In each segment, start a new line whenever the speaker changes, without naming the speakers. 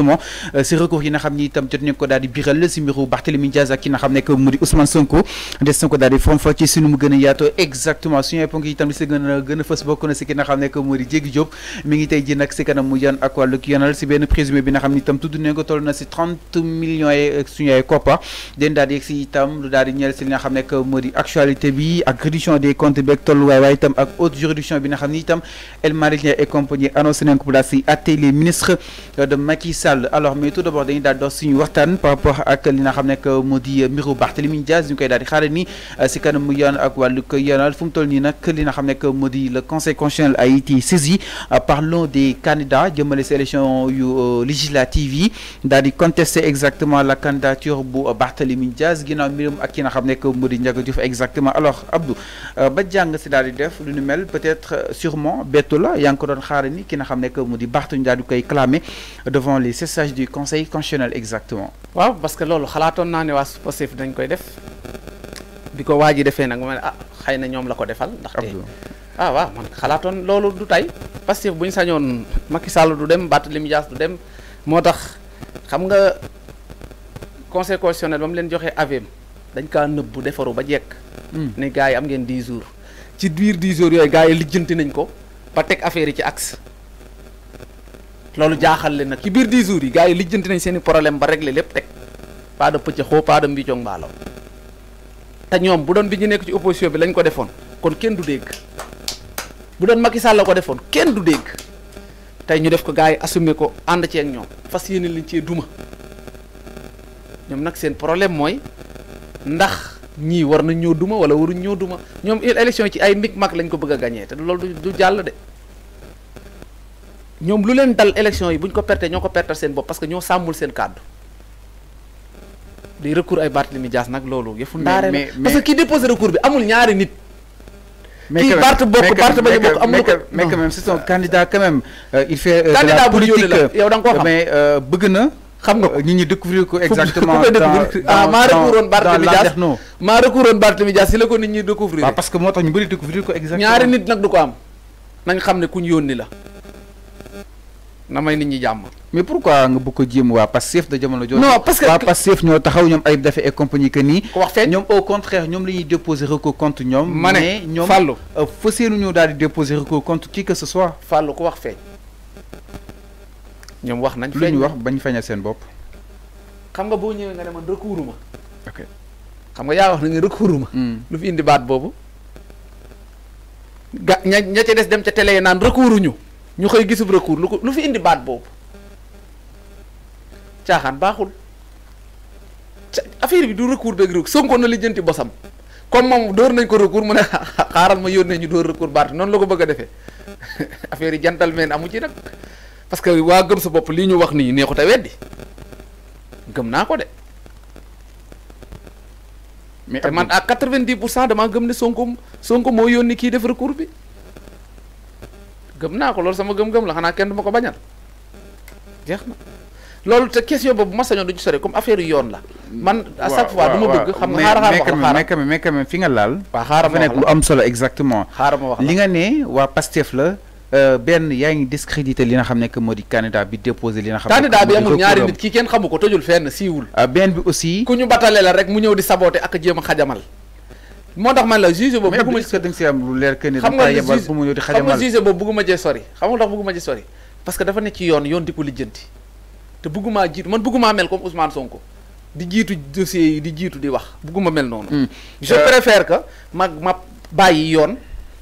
exactement euh, si recours yi nga xamni tam jot nañ ko daal di biral si mbiru Barthélémy Diaz ak ki nga xam ne que Ousmane Sonko des Sonko ko daal di forom fa ci sunu mu gën a exactement suñu ponk itam tam ci gëna gëna fess bokku fës bokk na si ki nga xam ne que mu Diop mi ngi tay ji nak ci kanam mu yan ak wàllu ki yonal ci ben présumé bi nga xamni tam tuddu ne ko toll na ci 30 millions yi euh, suñu ay copa den daal di yegg tam lu daal di ñeel ci li nga xam ne que actualité bi ak réduction des comptes tollu way way tam ak haute juridiction bi nga xamni tam El Malick et compagnie annoncé nañ ko place ci atte les ministres de Macky Sall Sall alors mais tout d'abord dañuy daal di dox suñu waxtaan par rapport ak li nga xamné que modi Mirou mbiru Barthélémy Dias ñu koy daal di ni euh, si kanam yoon ak walu ko yoonal fu mu toll nii nag li nga xamné que modi le conseil constitutionnel Haïti saisi euh, par des candidats jëmale sélection yu euh, législative yi daal contester exactement la candidature bu Barthélémy Dias ginnaaw mbirum ak ki nga xamné que modi di Ndiaga Diouf exactement alors Abdou ba jang si daal def lu ñu mel peut-être sûrement bettu la yaa ko doon xaare ni ki nga xamné que modi di Barthélémy daal di koy clamer devant les sages du conseil constitutionnel exactement.
waaw parce que loolu xalaatoon naa ne waa Pastef dañ koy def bi ko waa ji defee nag ma ah xëy na ñoom la ko defal. ndaxte ah waaw man xalaatoon loolu du tey Pastef bu ñu sañoon Macky Sall du dem Barthélémy Dias du dem moo tax xam nga conseil constitutionnel ba mu leen joxe avem dañ kaa nëbbu defaru ba jekk. Hmm. ne gars yi am ngeen 10 jours. ci biir 10 jours yooyu gars yi lijjanti nañ ko ba teg affaire yi ci axe. lolu jaaxal le nak ci bir 10 jours yi gaay yi lijjanti nañ seen problème ba régler lepp tek pa de pëcc xoo pa de mbicong mbaalaw ta ñoom bu doon bi nekk ci opposition bi lañ ko defoon kon kenn du dégg bu doon Macky Sall ko defoon kenn du dégg tey ñu def ko gaay assumer ko ànd ci ak ñoom fas yéene liñ ci duma ñoom nag seen problème mooy ndax ñi war nañ ñoo duma wala waruñ ñoo duma ñoom élection ci ay mig mag lañ ko bëgg a gagné te du jàll de ñom lu leen dal élection yi buñ ko perté ñoko perté pertal seen bopp parce que ñoo samul seen cadre di recours ay Barthélemy Dias nak lolu yëfu ndaare la parce que ki déposer recours bi amul ñaari nit kii Barth bokk Barth bañu bokk
amul mais quand même c'est son candidat quand même euh, il fait euh, de la politique yow da nga xam mais euh,
bëgg na xam nga ko euh, ñi découvrir ko exactement ah maa recours woon Barthélemy Dias ma recours woon Barthélemy Dias si la ko nit ñi découvrir parce que motax ñu bëri découvrir ko exactement ñaari nit nak du ko am nañ xam ne kuñ yoni la na may nit ñi jàmm
mais pourquoi nga bu ko jéem wa passif da jamono jooju non parce que passif ñoo taxaw ñom ay dafa et compagnie que ni ñom au contraire ñom li ñi déposer recours contre ñom mais ñom fallu euh, fàllu ñu dal di déposer recours contre qui que ce soit
fallu ko wax fe
ñom wax nañ fe ñu wax
bañ feeñal sen bop xam nga bo ñëw nga ne man recours ok xam nga ya wax nga recours hmm. lu fi indi baat bobu ga ci dess dem ci télé yi ya naan ñu xëy gisub recours lu ko lu fi indi baat boobu caaxaan baaxul affaire bi du recours dëgg rek Sonko na lijjanti bosam comme moom dóor nañ ko recours mu ne xaaral ma yónnee ñu door recours baat noonu la ko bëgg a defee affaire yi jantal meen amu ci nag parce que waa gëm sa bopp lii ñu wax nii neexut a weddi gëm naa ko de. mais man a quatre-vingt-dix pour cent damaa gëm ne Sonko Sonko moo yónni kii def recours bi. gëm naa ko loolu sama gëm-gëm la xanaa kenn du ma ko bañal jeex na loolu te question boobu ma sañoon du ci sori comme affaire yoon la. man à chaque fois du ma bëgg. xam nga xaaral ma
wax fi nga laal. waaw xaaral ma wax la am solo exactement. xaaral ma wax li nga ne waa Pastef la. Euh, benn yaa ngi discrédité li nga xam ne que moo di candidat bi déposé li nga xam ne candidat bi amul ñaari nit
kii kenn xamu ko tojul fenn siiwul. Ah, benn bi aussi. ku ñu batale la rek mu ñëw di saboté ak jéem a xajamal. moo tax man la juge boobu. mais est-ce que da nga si am lu leer que ni. xam nga juge xam sori xam nga ndax bëgguma sori parce dafa ne ci yoon yoon di ko lijjanti te bëggumaa jiitu man bëggumaa mel comme Ousmane Sonko di jiitu dossier yi di jiitu di wax bëgguma mel noonu. Hmm. je euh, préfère que ma ma bàyyi yoon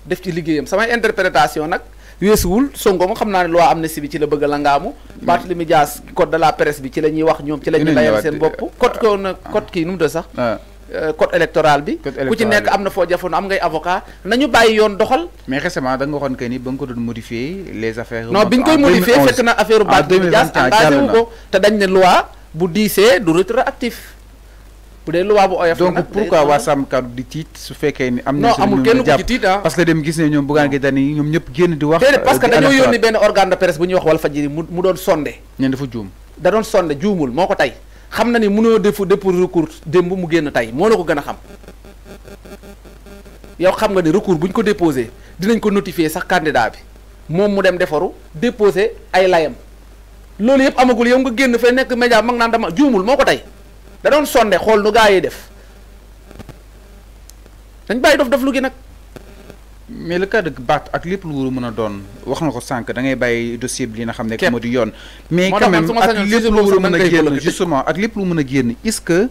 def ci liggéeyam samay interprétation nag. weesuwul Sonko moom xam naa ne loi amnistie bi ci la bëgg a langaamu. Hmm. Barthélémy Dias code de la presse bi ci la ñuy wax ñoom ci la ñu layal seen bopp. code ah. ko nag code kii nu mu Euh, code électoral bi ku ci nek amna fo jafone am ngay avocat nañu bayyi yoon doxal mais récemment da nga xone
ni ba ko doon modifier les affaires non biñ koy modifier fekk na affaire baat bi jaas engagé wu ko
te dañ ne loi bu diisee du rétroactif bu dé loi bu oyof donc pourquoi
wa sam kaddu di tit su fekke ni am na non amul kenn ku ci ah. parce que dem gis ne bu buggaan ngi dani ñom ñep genn di wax parce que dañu yoni
ben organe de presse bu ñu wax mu doon sonde ñeen dafa joom da doon sonde joomul moko tay xam na ni mënoo def dépôt recours démb mu génn tey moo la ko gën a xam yow xam nga ni recours bu ñu ko déposé dinañ ko notifier sax candidat bi moom mu dem defaru déposé ay layam loolu yëpp amagul yow nga génn fee nekk média mag naan dama juumul moo ko tey da doon sonde xool nu gaa yi def dañ bàyyi dof dof lu nag.
mais le cas Baat ak lépp lu mën a doon wax na ko sànq da ngay bàyyi dossier bi li nga xam ne moo di yoon mais quand ak lépp lu mën a génn justement ak lépp lu mën a génn est que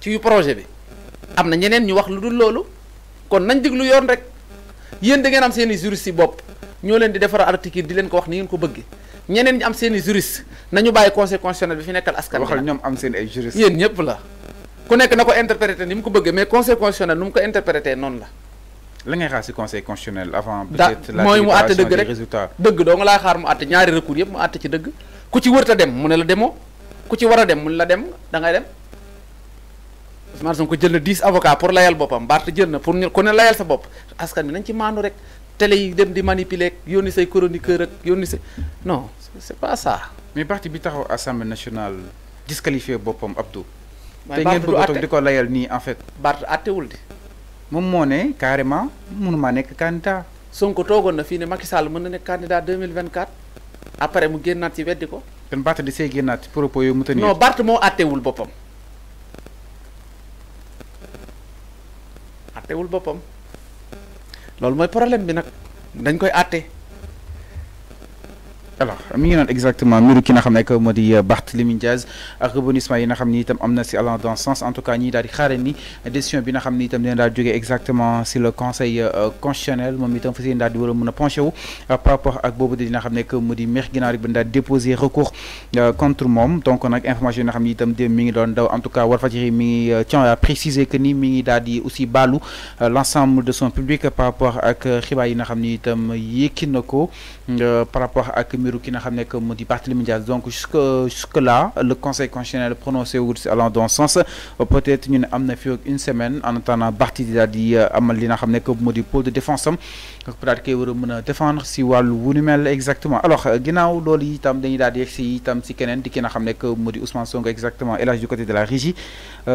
ci yu projet bi am na ñeneen ñu wax lu dul loolu kon nañ déglu yoon rek yéen da ngeen am seen i juriste bopp ñoo leen di defar article di leen ko wax ni ngeen ko bëgg ñeneen ñu am seen i juriste nañu bàyyi conseil constitutionnel bi fi nekkal askan waxal ñoom am seen ay juriste yéen ñëpp la ku nekk na ko interprété ni mu ko bëggee mais conseil constitutionnel nu mu ko interprété noonu la la ngay xaar ci conseil constitutionnel avant peut-être la mooy mu àtte dëgg rek dëgg doo nga laa xaar mu àtte ñaari ku ci wërta dem mu ne la demoo ku ci war dem mu ne la dem da ngay dem Ousmane Sonko jël na dix avocats pour layal boppam Barth jël na pour ñu ku ne layal sa bopp askan bi nañ ci maandu rek télé yi dem di manipuler yónni say chroniqueur ak yónni say non c'est pas ça. mais parti bi taxaw assemblée nationale
disqualifié boppam Abdou.
te ngeen bëgg a toog
di nii en fait. Barth àttewul moom moo ne carrément mënumaa nekk candidat. Sonko toogoon na fii ne Macky Sall mën na nekk
candidat 2024 après mu génnaat ci weddi ko.
kon Barth di mu tënee. non
Barth moo àttewul boppam. àttewul boppam loolu mooy problème bi nag dañ koy àtte
alors mi exactement Nous ki n'avons xam ne moo di euh, Diaz ak rebondissement yi nga xam ni itam allant dans sens en tout cas ni daal di ni décision bi nga xam ni itam dina daal exactement sur le conseil euh, constitutionnel moom itam fa seen daal di war penché euh, par rapport ak boobu di nga xam ne moo di maire Guinaar déposé recours contre mom. donc nag information yi nga tam ni itam démb mi ngi daw en tout cas Walfadjri mi tiens tient à préciser que ni mi ngi daal aussi balou l'ensemble de son public par rapport ak xibaar yi nga xam tam itam ko par rapport ak mbiru ki n'a xam nekk mu di donc jusque jusque là le conseil constitutionnel prononcé ou allant dans sens peut être ñu ne am une semaine en attendant partie di daal euh, di amal li nga xam nekk pôle de défense am peut être kay war défendre si wàllu wu mel exactement alors euh, ginnaaw loolu itam dañuy daal di si itam si qu'un di ki nga xam nekk mu Ousmane song exactement élage du côté de la régie euh,